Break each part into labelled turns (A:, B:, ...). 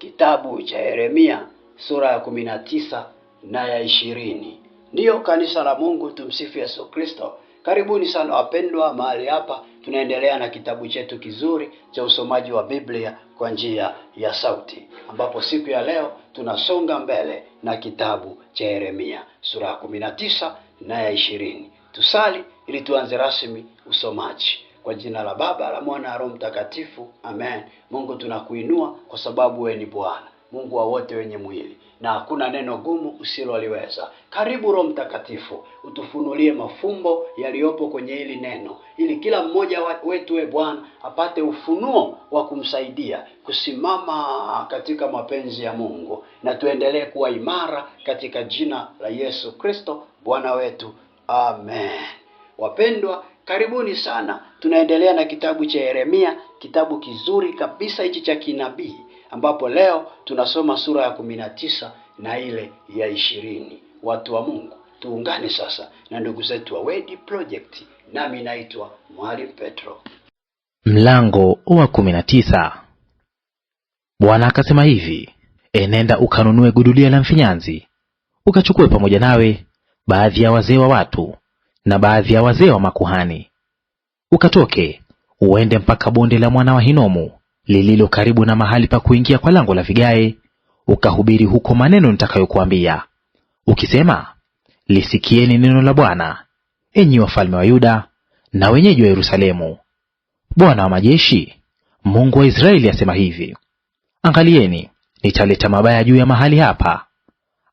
A: kitabu cha Yeremia sura ya kumi na tisa na ya ishirini. Ndiyo kanisa la Mungu, tumsifu Yesu Kristo. Karibuni sana wapendwa mahali hapa, tunaendelea na kitabu chetu kizuri cha usomaji wa Biblia kwa njia ya sauti, ambapo siku ya leo tunasonga mbele na kitabu cha Yeremia sura ya kumi na tisa na ya ishirini. Tusali ili tuanze rasmi usomaji. Kwa jina la Baba la Mwana na Roho Mtakatifu, amen. Mungu tunakuinua kwa sababu wewe ni Bwana Mungu wa wote wenye mwili na hakuna neno gumu usiloliweza. Karibu Roho Mtakatifu, utufunulie mafumbo yaliyopo kwenye hili neno, ili kila mmoja wetu, we Bwana, apate ufunuo wa kumsaidia kusimama katika mapenzi ya Mungu, na tuendelee kuwa imara katika jina la Yesu Kristo Bwana wetu, amen. Wapendwa, Karibuni sana, tunaendelea na kitabu cha Yeremia, kitabu kizuri kabisa hichi cha kinabii, ambapo leo tunasoma sura ya kumi na tisa na ile ya ishirini. Watu wa Mungu, tuungane sasa na ndugu zetu wa Wedi Project, nami naitwa Mwalimu Petro.
B: Mlango wa kumi na tisa. Bwana akasema hivi, enenda ukanunue gudulia la mfinyanzi, ukachukue pamoja nawe baadhi ya wazee wa watu na baadhi ya wazee wa makuhani. Ukatoke uende mpaka bonde la mwana wa Hinomu lililo karibu na mahali pa kuingia kwa lango la vigae, ukahubiri huko maneno nitakayokuambia, ukisema, lisikieni neno la Bwana, enyi wafalme wa Yuda na wenyeji wa Yerusalemu. Bwana wa majeshi, Mungu wa Israeli, asema hivi: Angalieni, nitaleta mabaya juu ya mahali hapa,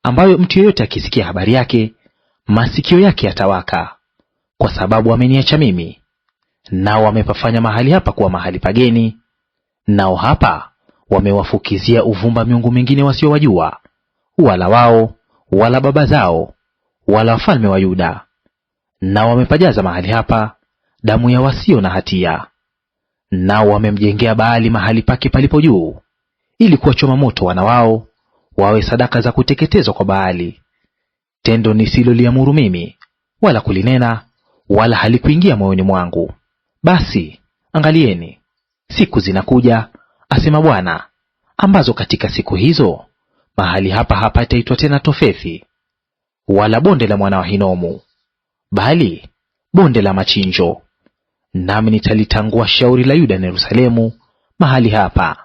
B: ambayo mtu yeyote akisikia habari yake, masikio yake yatawaka kwa sababu wameniacha mimi, nao wamepafanya mahali hapa kuwa mahali pageni, nao hapa wamewafukizia uvumba miungu mingine wasiowajua, wala wao wala baba zao wala wafalme wa Yuda, nao wamepajaza mahali hapa damu ya wasio na hatia. Nao wamemjengea Baali mahali pake palipo juu, ili kuwachoma moto wana wao wawe sadaka za kuteketezwa kwa Baali, tendo nisiloliamuru mimi wala kulinena wala halikuingia moyoni mwangu. Basi angalieni, siku zinakuja, asema Bwana, ambazo katika siku hizo mahali hapa hapataitwa tena Tofethi, wala bonde la mwana wa Hinomu, bali bonde la machinjo. Nami nitalitangua shauri la Yuda na Yerusalemu mahali hapa,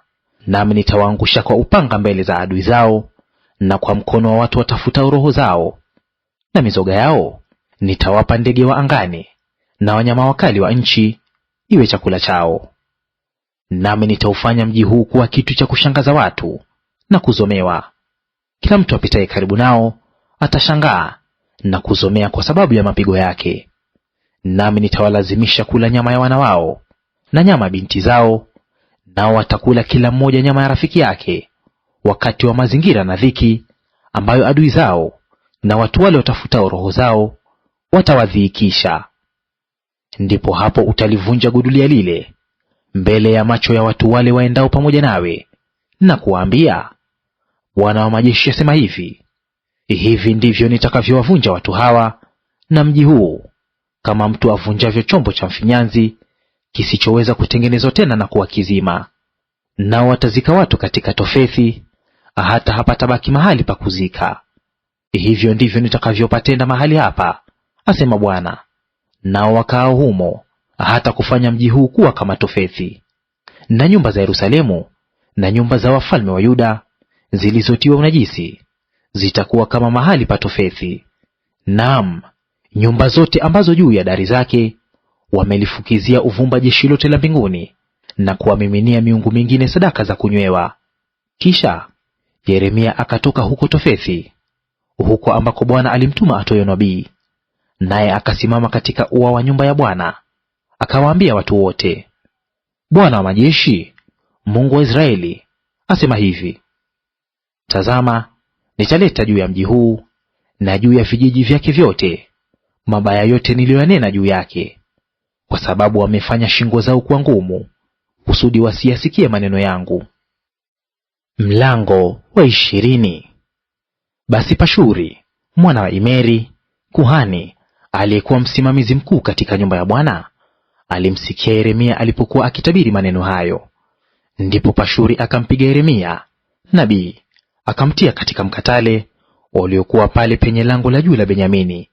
B: nami nitawaangusha kwa upanga mbele za adui zao, na kwa mkono wa watu watafutao roho zao, na mizoga yao Nitawapa ndege wa angani na wanyama wakali wa nchi iwe chakula chao. Nami nitaufanya mji huu kuwa kitu cha kushangaza watu na kuzomewa; kila mtu apitaye karibu nao atashangaa na kuzomea kwa sababu ya mapigo yake. Nami nitawalazimisha kula nyama ya wana wao na nyama ya binti zao, nao watakula kila mmoja nyama ya rafiki yake, wakati wa mazingira na dhiki ambayo adui zao na watu wale watafutao roho zao watawadhiikisha. Ndipo hapo utalivunja gudulia lile mbele ya macho ya watu wale waendao pamoja nawe, na kuwaambia, Bwana wa majeshi asema hivi, hivi ndivyo nitakavyowavunja watu hawa na mji huu, kama mtu avunjavyo chombo cha mfinyanzi kisichoweza kutengenezwa tena na kuwa kizima. Nao watazika watu katika Tofethi, hata hapatabaki mahali pa kuzika. Hivyo ndivyo nitakavyopatenda mahali hapa asema Bwana, nao wakaao humo, hata kufanya mji huu kuwa kama Tofethi. Na nyumba za Yerusalemu na nyumba za wafalme wa Yuda zilizotiwa unajisi zitakuwa kama mahali pa Tofethi; naam, nyumba zote ambazo juu ya dari zake wamelifukizia uvumba jeshi lote la mbinguni, na kuwamiminia miungu mingine sadaka za kunywewa. Kisha Yeremia akatoka huko Tofethi, huko ambako Bwana alimtuma atoyo nabii, Naye akasimama katika ua wa nyumba ya Bwana akawaambia watu wote, Bwana wa majeshi, Mungu wa Israeli, asema hivi, tazama, nitaleta juu ya mji huu na juu ya vijiji vyake vyote mabaya yote niliyoyanena juu yake, kwa sababu wamefanya shingo zao kuwa ngumu, kusudi wasiyasikie maneno yangu. Mlango wa ishirini. Basi Pashuri mwana wa Imeri kuhani aliyekuwa msimamizi mkuu katika nyumba ya Bwana alimsikia Yeremia alipokuwa akitabiri maneno hayo. Ndipo Pashuri akampiga Yeremia nabii akamtia katika mkatale uliokuwa pale penye lango la juu la Benyamini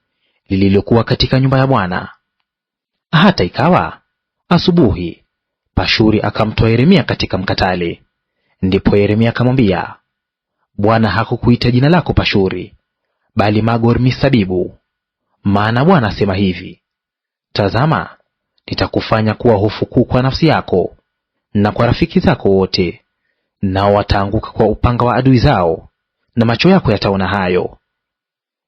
B: lililokuwa katika nyumba ya Bwana. Hata ikawa asubuhi, Pashuri akamtoa Yeremia katika mkatale. Ndipo Yeremia akamwambia, Bwana hakukuita jina lako Pashuri, bali Magor misabibu, maana Bwana asema hivi, tazama, nitakufanya kuwa hofu kuu kwa nafsi yako na kwa rafiki zako wote, nao wataanguka kwa upanga wa adui zao, na macho yako yataona hayo.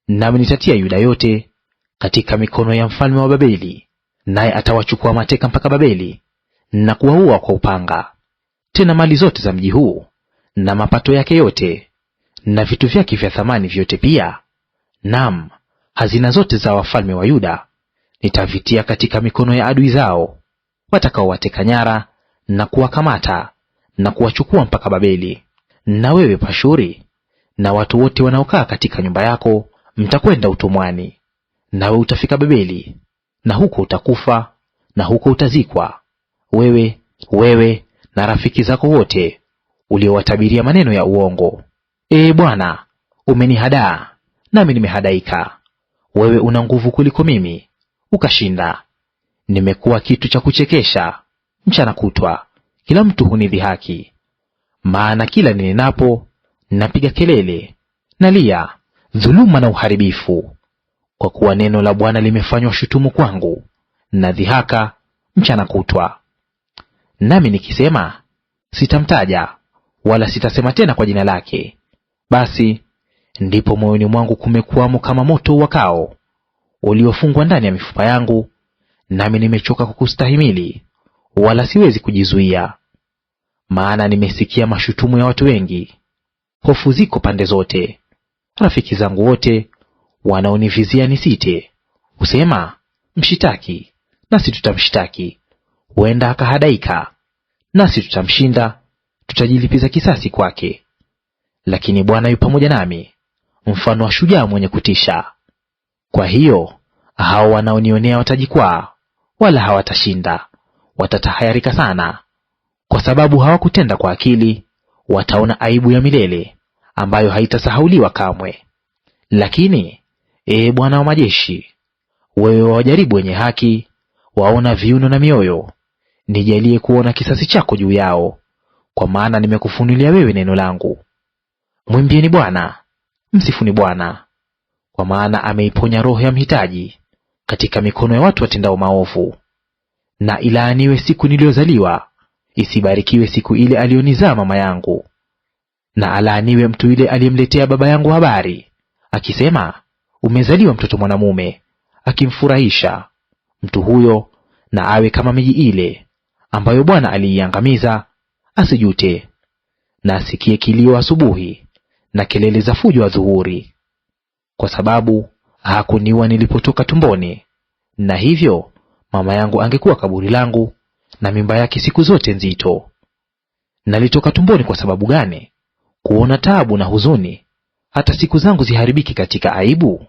B: Nami nitatia Yuda yote katika mikono ya mfalme wa Babeli, naye atawachukua mateka mpaka Babeli na kuwaua kwa upanga. Tena mali zote za mji huu na mapato yake yote na vitu vyake vya thamani vyote pia, naam hazina zote za wafalme wa Yuda nitavitia katika mikono ya adui zao watakaowateka nyara na kuwakamata na kuwachukua mpaka Babeli. Na wewe Pashuri na watu wote wanaokaa katika nyumba yako mtakwenda utumwani, nawe utafika Babeli, na huko utakufa, na huko utazikwa, wewe wewe na rafiki zako wote uliowatabiria maneno ya uongo. Ee Bwana, umenihadaa nami nimehadaika wewe una nguvu kuliko mimi, ukashinda. Nimekuwa kitu cha kuchekesha mchana kutwa, kila mtu hunidhihaki. Maana kila ninenapo napiga kelele, nalia dhuluma na uharibifu, kwa kuwa neno la Bwana limefanywa shutumu kwangu, na dhihaka mchana kutwa. Nami nikisema, sitamtaja wala sitasema tena kwa jina lake, basi ndipo moyoni mwangu kumekuwamo kama moto uwakao uliofungwa ndani ya mifupa yangu, nami nimechoka kukustahimili, wala siwezi kujizuia. Maana nimesikia mashutumu ya watu wengi, hofu ziko pande zote. Rafiki zangu wote wanaonivizia nisite, husema mshitaki, nasi tutamshitaki; huenda akahadaika, nasi tutamshinda, tutajilipiza kisasi kwake. Lakini Bwana yu pamoja nami, mfano wa shujaa mwenye kutisha. Kwa hiyo hao wanaonionea watajikwaa, wala hawatashinda; watatahayarika sana, kwa sababu hawakutenda kwa akili, wataona aibu ya milele ambayo haitasahauliwa kamwe. Lakini ee Bwana wa majeshi, wewe wawajaribu wenye haki, waona viuno na mioyo, nijalie kuona kisasi chako juu yao, kwa maana nimekufunulia wewe neno langu. Mwimbieni Bwana. Msifuni Bwana. Kwa maana ameiponya roho ya mhitaji katika mikono ya watu watendao maovu. Na ilaaniwe siku niliyozaliwa, isibarikiwe siku ile aliyonizaa mama yangu. Na alaaniwe mtu yule aliyemletea baba yangu habari akisema, umezaliwa mtoto mwanamume, akimfurahisha mtu huyo. Na awe kama miji ile ambayo Bwana aliiangamiza, asijute; na asikie kilio asubuhi, na kelele za fujo dhuhuri kwa sababu hakuniua nilipotoka tumboni, na hivyo mama yangu angekuwa kaburi langu, na mimba yake siku zote nzito. Nalitoka tumboni kwa sababu gani, kuona taabu na huzuni, hata siku zangu ziharibiki katika aibu?